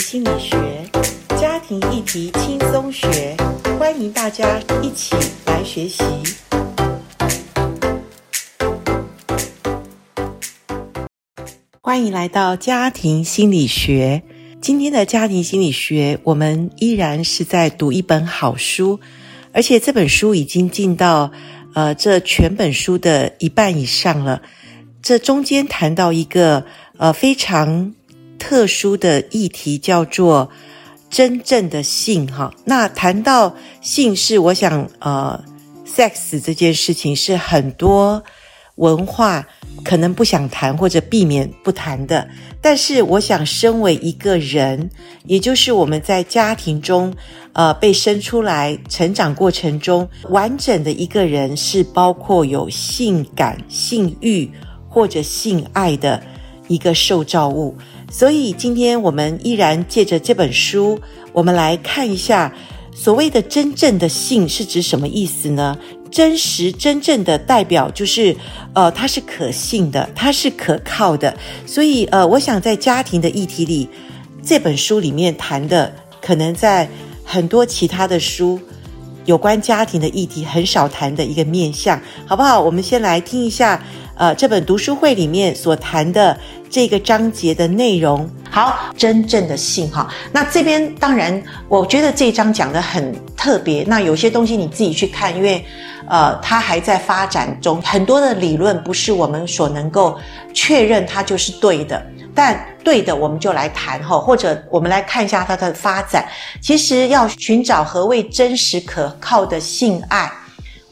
心理學家庭議題輕鬆學，歡迎大家一起來學習。歡迎來到家庭心理學。今天的家庭心理學，我們依然是在讀一本好書，而且這本書已經進到呃這全本書的一半以上了。這中間談到一個呃非常特殊的議題叫做真正的性哈。那談到性是，我想呃，sex 這件事情是很多文化可能不想談或者避免不談的。但是我想，身為一個人，也就是我們在家庭中呃被生出來、成長過程中完整的一個人，是包括有性感、性慾或者性愛的一個受造物。所以，今天我們依然借着這本書，我們來看一下所謂的真正的性是指什麼意思呢？真實、真正的代表就是，呃，它是可信的，它是可靠的。所以，呃，我想在家庭的議題裡，這本書裡面談的，可能在很多其他的書有關家庭的議題很少談的一個面向，好不好？我們先來聽一下。呃，這本讀書會裡面所談的這個章節的內容，好，真正的性。哈、哦。那這邊當然，我覺得這一章講得很特別。那有些東西你自己去看，因為呃，它還在發展中，很多的理論不是我們所能夠確認它就是對的。但對的，我們就來談哈、哦，或者我們來看一下它的發展。其實要尋找何謂真實可靠的性愛，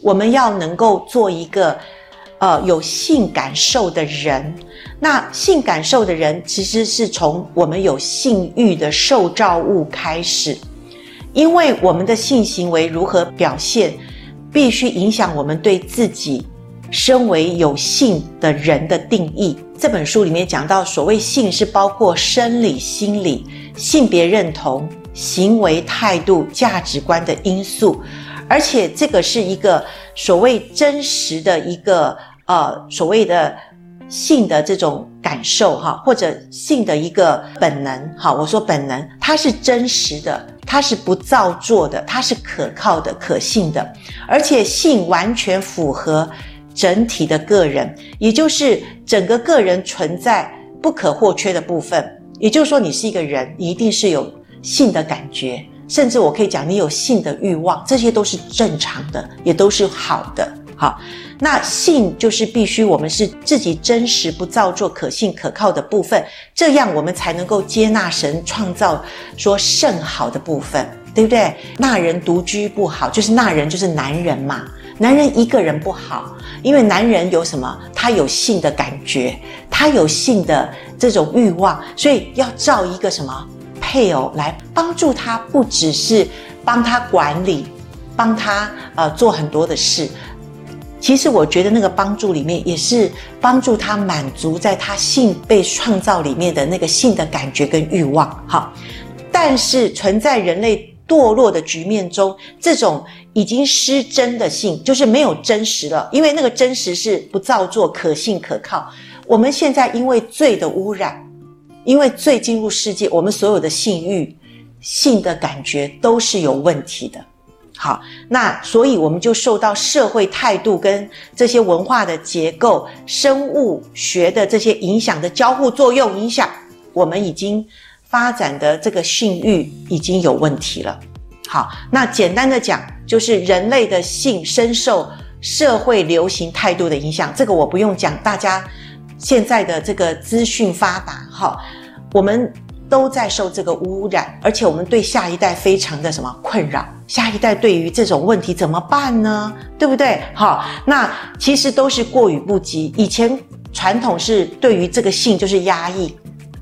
我們要能夠做一個。呃，有性感受的人，那性感受的人其實是從我們有性欲的受造物開始，因為我們的性行為如何表現，必須影響我們對自己身為有性的人的定義。這本書裡面講到，所謂性是包括生理、心理、性別認同、行為態度、價值觀的因素，而且這個是一個所謂真實的一個。呃，所謂的性的這種感受哈，或者性的一個本能哈，我說本能，它是真實的，它是不造作的，它是可靠的、可信的，而且性完全符合整體的個人，也就是整個個人存在不可或缺的部分。也就是說，你是一個人，一定是有性的感覺，甚至我可以講，你有性的欲望，這些都是正常的，也都是好的，好。那性就是必須我們是自己真實不造作、可信可靠的部分，這樣我們才能夠接納神創造說甚好的部分，對不對？那人獨居不好，就是那人就是男人嘛，男人一個人不好，因為男人有什麼？他有性的感覺，他有性的這種慾望，所以要造一個什麼配偶來幫助他，不只是幫他管理，幫他呃做很多的事。其實我覺得那個幫助裡面也是幫助他滿足在他性被創造裡面的那個性的感覺跟慾望，哈，但是存在人類墮落的局面中，這種已經失真的性就是沒有真實了，因為那個真實是不造作、可信、可靠。我們現在因為罪的汙染，因為罪進入世界，我們所有的性慾、性的感覺都是有問題的。好，那所以我們就受到社會態度跟這些文化的結構、生物學的這些影響的交互作用影響，我們已經發展的這個性慾已經有問題了。好，那簡單的講，就是人類的性深受社會流行態度的影響，這個我不用講，大家現在的這個資訊發達，哈，我們。都在受這個污染，而且我們對下一代非常的什麼困擾？下一代對於這種問題怎麼辦呢？對不對？好，那其實都是過於不及。以前傳統是對於這個性就是壓抑，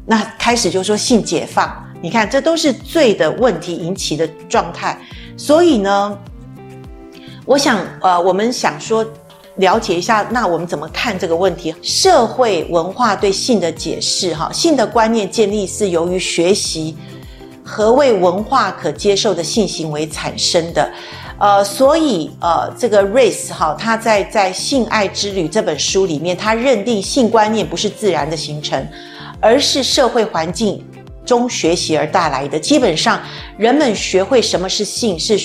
那開始就說性解放。你看，這都是罪的問題引起的狀態。所以呢，我想，呃，我們想說。了解一下，那我們怎麼看這個問題？社會文化對性的解釋，哈，性的觀念建立是由於學習何為文化可接受的性行為產生的，呃，所以呃，這個瑞斯哈他在在《性愛之旅》這本書裡面，他認定性觀念不是自然的形成，而是社會環境中學習而帶來的。基本上，人們學會什麼是性，是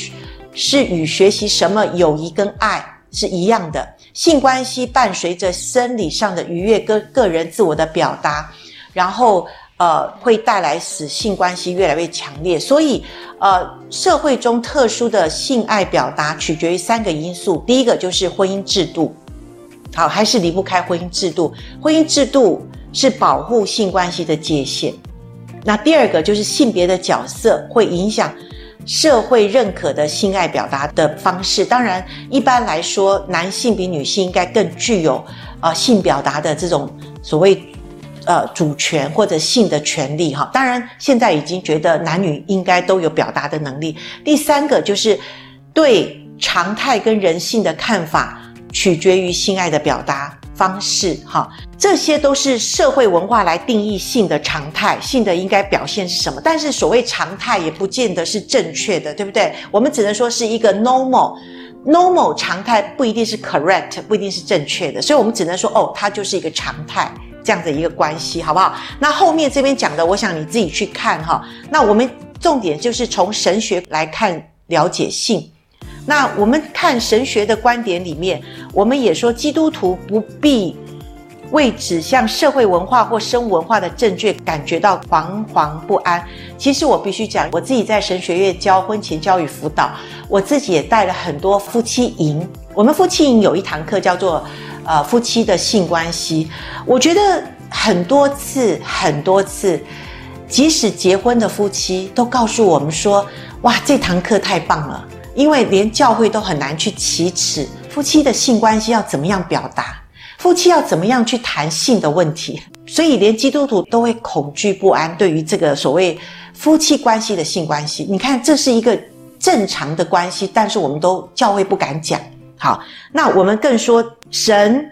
是與學習什麼友誼跟愛是一樣的。性關係伴隨着生理上的愉悅跟個人自我的表達，然後呃會帶來使性關係越來越強烈。所以呃社會中特殊的性愛表達取決於三個因素，第一個就是婚姻制度，好，還是離不開婚姻制度，婚姻制度是保護性關係的界限。那第二個就是性別的角色會影響。社會認可的性愛表達的方式，當然一般來說，男性比女性應該更具有啊性表達的這種所謂呃主權或者性的權利哈。當然現在已經覺得男女應該都有表達的能力。第三個就是對常態跟人性的看法。取決於性愛的表達方式，哈，這些都是社會文化來定義性的常態，性的應該表現是什麼？但是所謂常態也不見得是正確的，對不對？我們只能說是一個 normal，normal normal 常態不一定是 correct，不一定是正確的，所以我們只能說哦，它就是一個常態這樣的一個關係，好不好？那後面這邊講的，我想你自己去看哈。那我們重點就是從神學來看了解性。那我們看神學的觀點裡面，我們也說基督徒不必為指向社會文化或生物文化的正確感覺到惶惶不安。其實我必須講，我自己在神學院教婚前教育輔導，我自己也帶了很多夫妻營。我們夫妻營有一堂課叫做“呃夫妻的性關係”，我覺得很多次、很多次，即使結婚的夫妻都告訴我們說：“哇，這堂課太棒了。”因為連教會都很難去啟齒，夫妻的性關係要怎麼樣表達？夫妻要怎麼樣去談性的問題？所以連基督徒都會恐懼不安。對於這個所謂夫妻關係的性關係，你看這是一個正常的關係，但是我們都教會不敢講。好，那我們更說神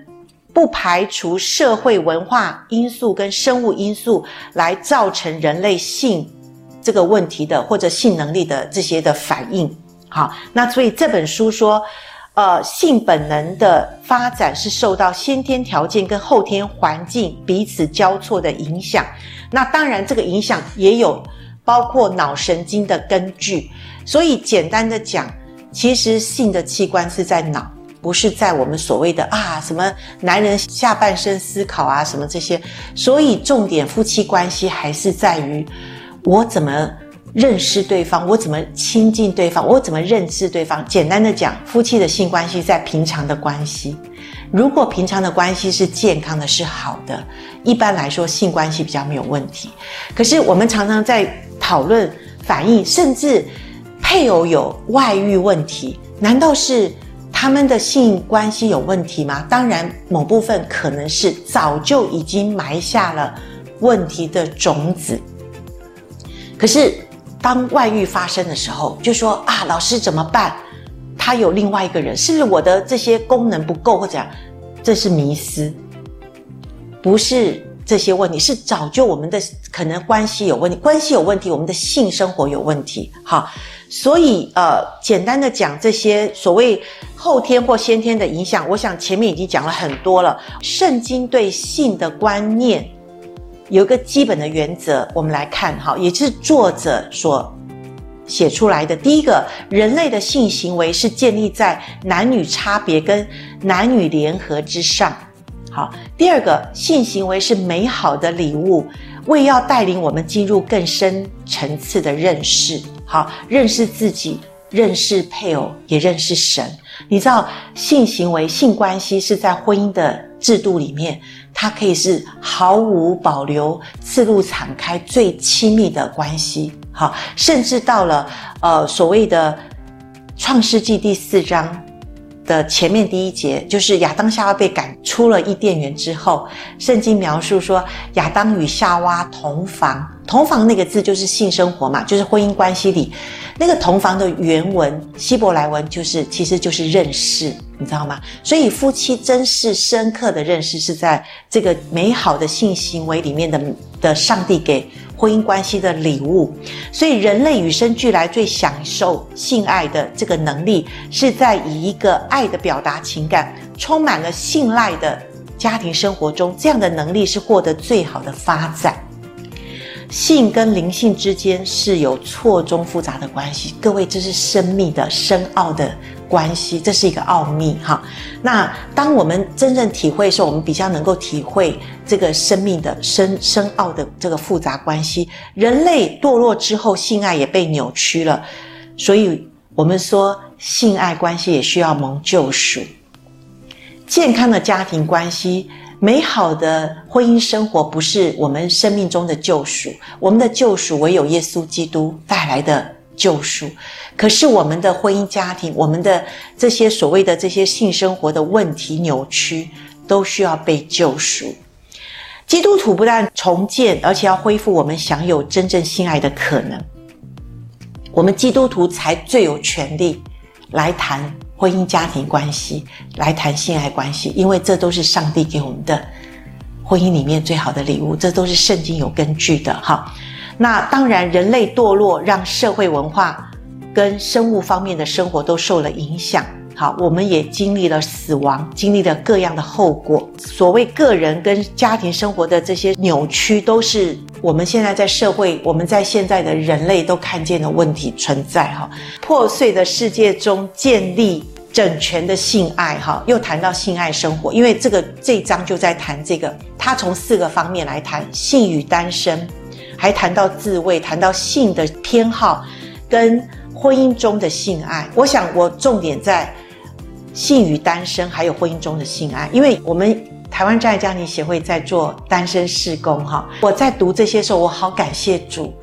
不排除社會文化因素跟生物因素來造成人類性這個問題的或者性能力的這些的反應。好，那所以這本書說，呃，性本能的發展是受到先天條件跟後天環境彼此交錯的影響。那當然，這個影響也有包括腦神經的根據。所以簡單的講，其實性的器官是在腦，不是在我們所謂的啊什麼男人下半身思考啊什麼這些。所以重點，夫妻關係還是在於我怎麼。認識對方，我怎麼親近對方？我怎麼認識對方？簡單的講，夫妻的性關係在平常的關係，如果平常的關係是健康的、是好的，一般來說性關係比較沒有問題。可是我們常常在討論反應，甚至配偶有外遇問題，難道是他們的性關係有問題嗎？當然，某部分可能是早就已經埋下了問題的種子。可是。當外遇發生的時候，就說啊，老師怎麼辦？他有另外一個人，是不是我的這些功能不夠，或者怎樣？這是迷思。不是這些問題，是早就我們的可能關係有問題，關係有問題，我們的性生活有問題。好，所以呃，簡單的講這些所謂後天或先天的影響，我想前面已經講了很多了。聖經對性的觀念。有一個基本的原則，我們來看哈，也就是作者所寫出來的。第一個人類的性行為是建立在男女差別跟男女聯合之上。好，第二個，性行為是美好的禮物，為要帶領我們進入更深層次的認識。好，認識自己，認識配偶，也認識神。你知道，性行為、性關係是在婚姻的。制度裡面，它可以是毫無保留、赤露敞開、最親密的關係，好，甚至到了呃所謂的《創世紀》第四章的前面第一節，就是亞當夏娃被趕出了伊甸園之後，聖經描述說亞當與夏娃同房，同房那個字就是性生活嘛，就是婚姻關係裡。那個同房的原文希伯來文就是，其實就是認識，你知道嗎？所以夫妻真是深刻的認識是在這個美好的性行為裡面的的上帝給婚姻關係的禮物。所以人類與生俱來最享受性愛的這個能力，是在以一個愛的表達情感，充滿了信賴的家庭生活中，這樣的能力是獲得最好的發展。性跟靈性之間是有錯綜複雜的關係，各位，這是生命的深奧的關係，這是一個奧秘哈。那當我們真正體會的時候，我們比較能夠體會這個生命的深深奧的這個複雜關係。人類墮落之後，性愛也被扭曲了，所以我們說性愛關係也需要蒙救贖，健康的家庭關係。美好的婚姻生活不是我們生命中的救贖，我們的救贖唯有耶穌基督帶來的救贖。可是我們的婚姻家庭，我們的這些所謂的這些性生活的問題扭曲，都需要被救贖。基督徒不但重建，而且要恢復我們享有真正性愛的可能。我們基督徒才最有權利來談。婚姻家庭關係，來談性愛關係，因為這都是上帝給我們的婚姻裡面最好的禮物，這都是聖經有根據的哈。那當然，人類墮落，讓社會文化跟生物方面的生活都受了影響。好，我們也經歷了死亡，經歷了各樣的後果。所謂個人跟家庭生活的這些扭曲，都是我們現在在社會，我們在現在的人類都看見的問題存在。哈、哦，破碎的世界中建立整全的性愛。哈、哦，又談到性愛生活，因為這個這一章就在談這個。他從四個方面來談性與單身，還談到自慰，談到性的偏好，跟婚姻中的性愛。我想，我重點在。性與單身，還有婚姻中的性愛，因為我們台灣真愛家庭協會在做單身事工哈。我在讀這些時候，我好感謝主，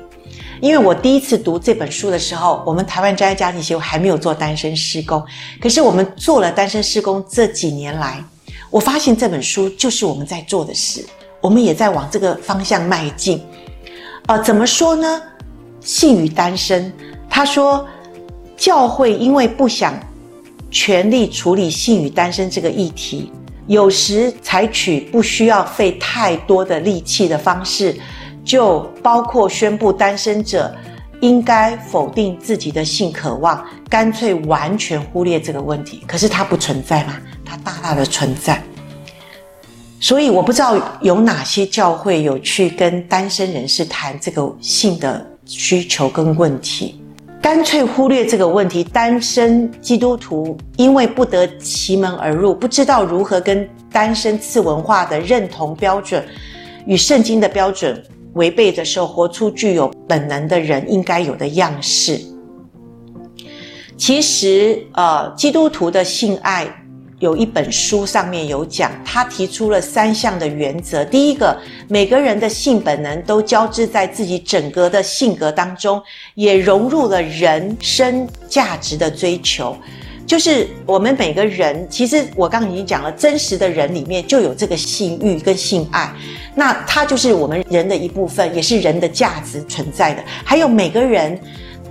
因為我第一次讀這本書的時候，我們台灣真愛家庭協會還沒有做單身事工。可是我們做了單身事工這幾年來，我發現這本書就是我們在做的事，我們也在往這個方向邁進。啊、呃，怎麼說呢？性與單身，他說教會因為不想。全力處理性與單身這個議題，有時採取不需要費太多的力氣的方式，就包括宣布單身者應該否定自己的性渴望，乾脆完全忽略這個問題。可是它不存在嗎？它大大的存在。所以我不知道有哪些教會有去跟單身人士談這個性的需求跟問題。乾脆忽略這個問題，單身基督徒因為不得其門而入，不知道如何跟單身次文化的認同標準與聖經的標準違背的時候，活出具有本能的人應該有的樣式。其實，呃，基督徒的性愛。有一本書上面有講，他提出了三項的原則。第一個，每個人的性本能都交織在自己整個的性格當中，也融入了人生價值的追求。就是我們每個人，其實我剛剛已經講了，真實的人裡面就有這個性慾跟性愛，那它就是我們人的一部分，也是人的價值存在的。還有每個人。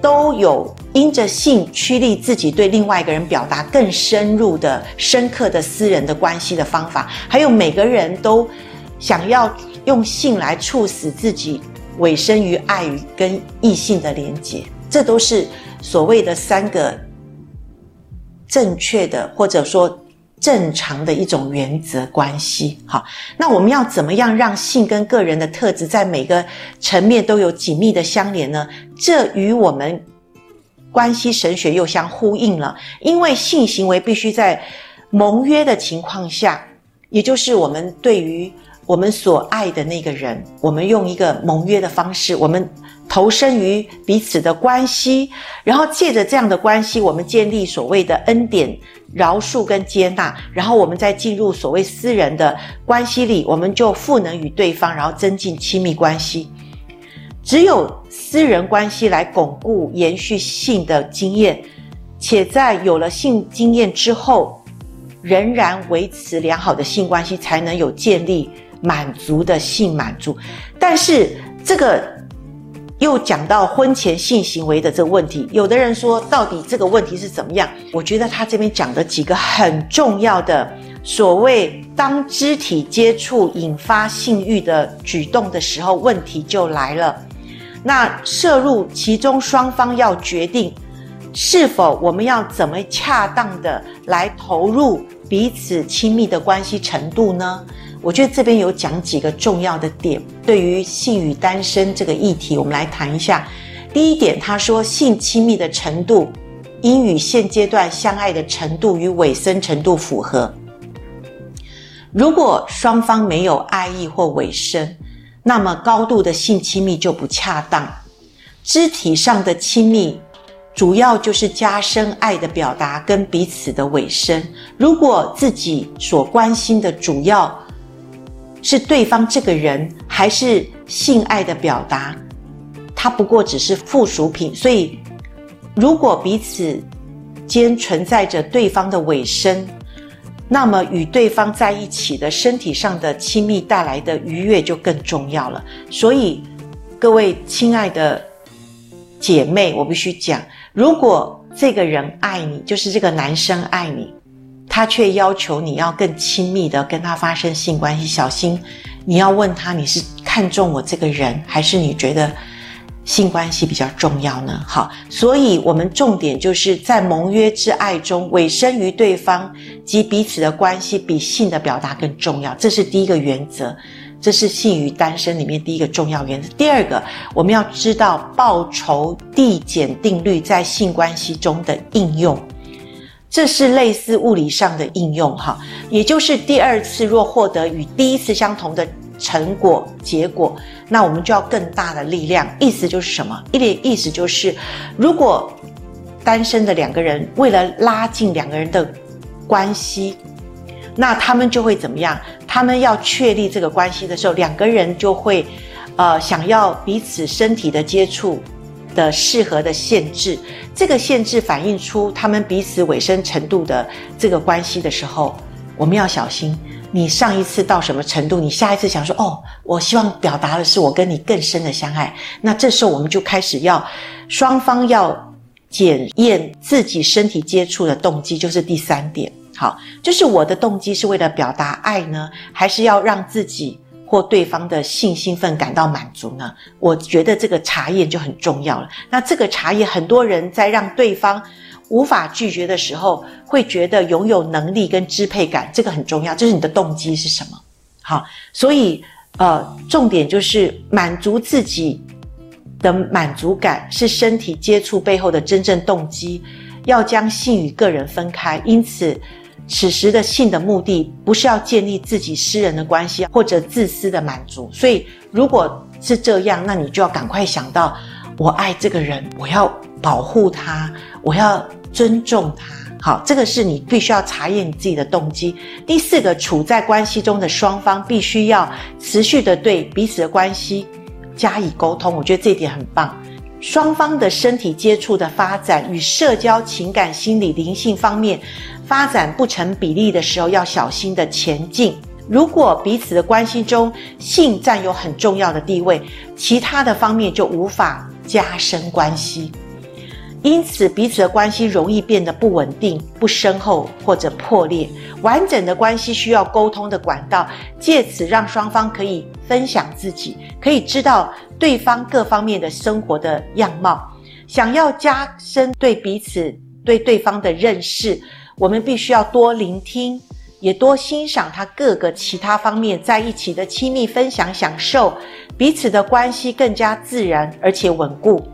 都有因着性驅力，自己對另外一個人表達更深入的、深刻的私人的關係的方法，還有每個人都想要用性來促使自己委身於愛與跟異性的連結，這都是所謂的三個正確的，或者說。正常的一種原則關係，好，那我們要怎麼樣讓性跟個人的特質在每個層面都有緊密的相連呢？這與我們關係神學又相呼應了，因為性行為必須在盟約的情況下，也就是我們對於我們所愛的那個人，我們用一個盟約的方式，我們。投身於彼此的關係，然後借着這樣的關係，我們建立所謂的恩典、饒恕跟接納，然後我們再進入所謂私人的關係裡，我們就賦能與對方，然後增進親密關係。只有私人關係來鞏固延續性的經驗，且在有了性經驗之後，仍然維持良好的性關係，才能有建立滿足的性滿足。但是這個。又講到婚前性行為的這個問題，有的人說到底這個問題是怎麼樣？我覺得他這邊講的幾個很重要的所謂當肢體接觸引發性欲的舉動的時候，問題就來了。那涉入其中雙方要決定，是否我們要怎麼恰當的來投入彼此親密的關係程度呢？我覺得這邊有講幾個重要的點，對於性與單身這個議題，我們來談一下。第一點，他說性親密的程度應與現階段相愛的程度與委身程度符合。如果雙方沒有愛意或委身，那麼高度的性親密就不恰當。肢體上的親密，主要就是加深愛的表達跟彼此的委身。如果自己所關心的主要是對方這個人，還是性愛的表達？它不過只是附屬品。所以，如果彼此間存在着對方的委身，那麼與對方在一起的身體上的親密帶來的愉悅就更重要了。所以，各位親愛的姐妹，我必須講：如果這個人愛你，就是這個男生愛你。他卻要求你要更親密的跟他發生性關係，小心！你要問他，你是看重我這個人，還是你覺得性關係比較重要呢？好，所以我們重點就是在盟約之愛中，委身於對方及彼此的關係比性的表達更重要，這是第一個原則，這是性與單身裡面第一個重要原則。第二個，我們要知道報酬遞減定律在性關係中的應用。這是類似物理上的應用，哈，也就是第二次若獲得與第一次相同的成果、結果，那我們就要更大的力量。意思就是什麼？一點意思就是，如果單身的兩個人為了拉近兩個人的關係，那他們就會怎麼樣？他們要確立這個關係的時候，兩個人就會，呃，想要彼此身體的接觸。的適合的限制，這個限制反映出他們彼此委身程度的這個關係的時候，我們要小心。你上一次到什麼程度，你下一次想說哦，我希望表達的是我跟你更深的相愛。那這時候我們就開始要雙方要檢驗自己身體接觸的動機，就是第三點。好，就是我的動機是為了表達愛呢，還是要讓自己？或對方的性興奮感到滿足呢？我覺得這個查驗就很重要了。那這個查驗，很多人在讓對方無法拒絕的時候，會覺得擁有能力跟支配感，這個很重要。這是你的動機是什麼？好，所以呃，重點就是滿足自己的滿足感，是身體接觸背後的真正動機。要將性與個人分開，因此。此時的性的目的不是要建立自己私人的關係或者自私的滿足，所以如果是這樣，那你就要趕快想到，我愛這個人，我要保護他，我要尊重他。好，這個是你必須要查驗你自己的動機。第四個，處在關係中的雙方必須要持續的對彼此的關係加以溝通。我覺得這一點很棒。雙方的身體接觸的發展與社交、情感、心理、靈性方面發展不成比例的時候，要小心地前進。如果彼此的關係中性佔有很重要的地位，其他的方面就無法加深關係，因此彼此的關係容易變得不穩定、不深厚或者破裂。完整的關係需要溝通的管道，借此讓雙方可以分享自己，可以知道對方各方面的生活的樣貌。想要加深對彼此、對對方的認識。我們必須要多聆聽，也多欣賞他各個其他方面在一起的親密分享、享受彼此的關係更加自然而且穩固。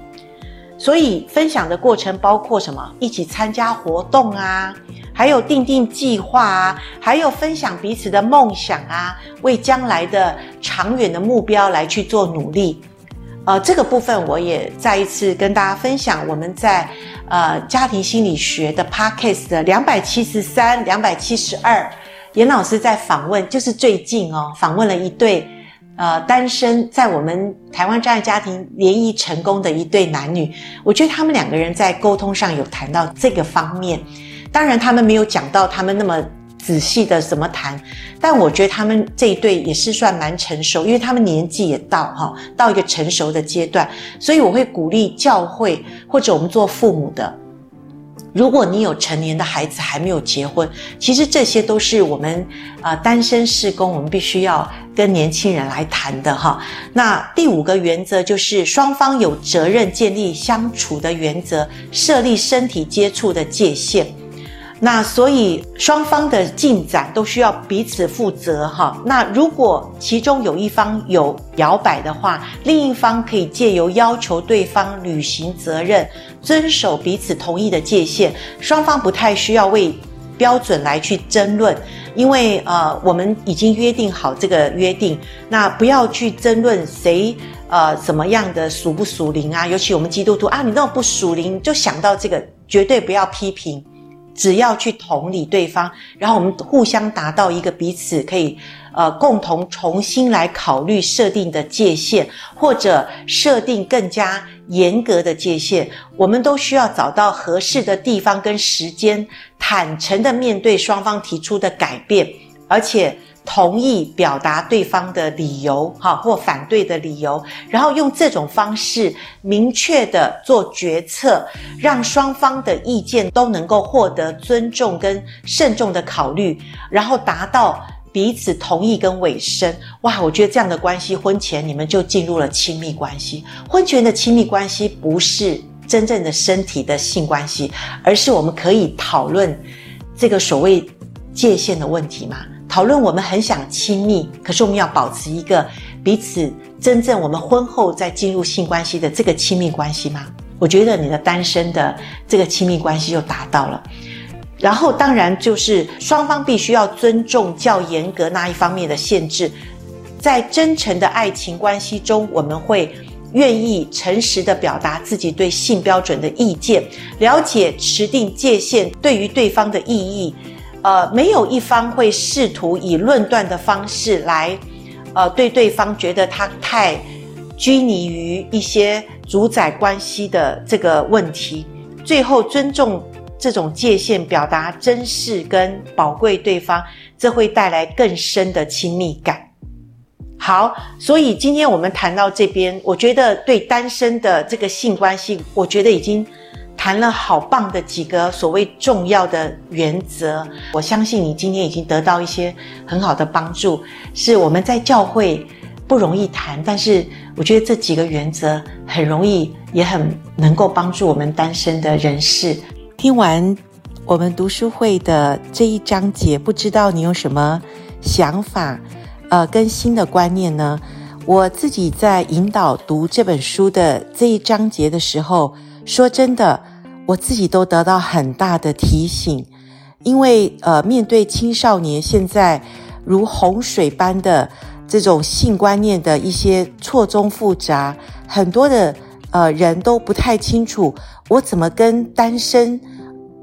所以分享的過程包括什麼？一起參加活動啊，還有訂定計劃啊，還有分享彼此的夢想啊，為將來的長遠的目標來去做努力。呃，這個部分我也再一次跟大家分享，我們在呃家庭心理學的 Podcast 的兩百七十三、兩百七十二，延老師在訪問，就是最近哦，訪問了一對呃單身，在我們台灣這樣的家庭聯誼成功的一對男女，我覺得他們兩個人在溝通上有談到這個方面，當然他們沒有講到他們那麼。仔細的怎麼談？但我覺得他們這一對也是算蠻成熟，因為他們年紀也到哈，到一個成熟的階段，所以我會鼓勵教會或者我們做父母的，如果你有成年的孩子還沒有結婚，其實這些都是我們啊單身事工，我們必須要跟年輕人來談的哈。那第五個原則就是雙方有責任建立相處的原則，設立身體接觸的界限。那所以雙方的進展都需要彼此負責哈。那如果其中有一方有搖擺的話，另一方可以藉由要求對方履行責任，遵守彼此同意的界限。雙方不太需要為標準來去爭論，因為呃我們已經約定好這個約定，那不要去爭論誰呃怎麼樣的屬不屬靈啊。尤其我們基督徒啊，你那麼不屬靈，就想到這個絕對不要批評。只要去同理對方，然後我們互相達到一個彼此可以，呃，共同重新來考慮設定的界限，或者設定更加嚴格的界限，我們都需要找到合適的地方跟時間，坦誠地面對雙方提出的改變，而且。同意表達對方的理由，哈或反對的理由，然後用這種方式明確的做決策，讓雙方的意見都能夠獲得尊重跟慎重的考慮，然後達到彼此同意跟委身，哇，我覺得這樣的關係，婚前你們就進入了親密關係。婚前的親密關係不是真正的身體的性關係，而是我們可以討論這個所謂界限的問題嗎？討論，我們很想親密，可是我們要保持一個彼此真正我們婚後再進入性關係的這個親密關係嗎？我覺得你的單身的這個親密關係就達到了。然後當然就是雙方必須要尊重較嚴格那一方面的限制。在真誠的愛情關係中，我們會願意誠實地表達自己對性標準的意見，了解持定界限對於對方的意義。呃，沒有一方會試圖以論斷的方式來，呃，對對方覺得他太拘泥於一些主宰關係的這個問題，最後尊重這種界限，表達珍視跟寶貴對方，這會帶來更深的親密感。好，所以今天我們談到這邊，我覺得對單身的這個性關係，我覺得已經。談了好棒的幾個所謂重要的原則，我相信你今天已經得到一些很好的幫助。是我們在教會不容易談，但是我覺得這幾個原則很容易，也很能夠幫助我們單身的人士。聽完我們讀書會的這一章節，不知道你有什麼想法，呃，跟新的觀念呢？我自己在引導讀這本書的這一章節的時候，說真的。我自己都得到很大的提醒，因為呃，面對青少年現在如洪水般的這種性觀念的一些錯綜複雜，很多的呃人都不太清楚，我怎麼跟單身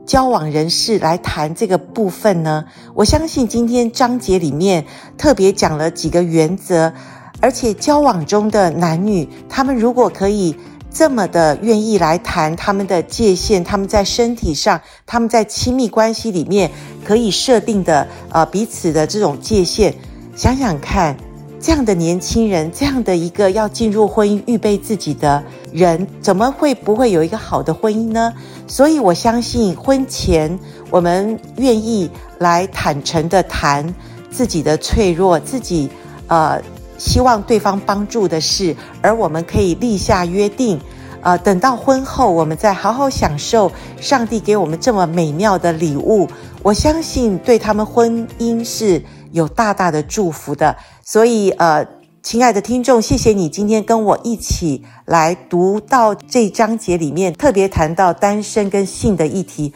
交往人士來談這個部分呢？我相信今天章節裡面特別講了幾個原則，而且交往中的男女，他們如果可以。這麼的願意來談他們的界限，他們在身體上，他們在親密關係裡面可以設定的呃彼此的這種界限。想想看，這樣的年輕人，這樣的一個要進入婚姻預備自己的人，怎麼會不會有一個好的婚姻呢？所以我相信，婚前我們願意來坦誠地談自己的脆弱，自己呃。希望對方幫助的事，而我們可以立下約定，呃，等到婚後我們再好好享受上帝給我們這麼美妙的禮物。我相信對他們婚姻是有大大的祝福的。所以，呃，親愛的聽眾，謝謝你今天跟我一起來讀到這一章節裡面，特別談到單身跟性的議題。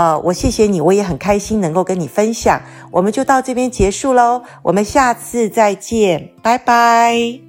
呃，我謝謝你，我也很開心能夠跟你分享，我們就到這邊結束嘍，我們下次再見，拜拜。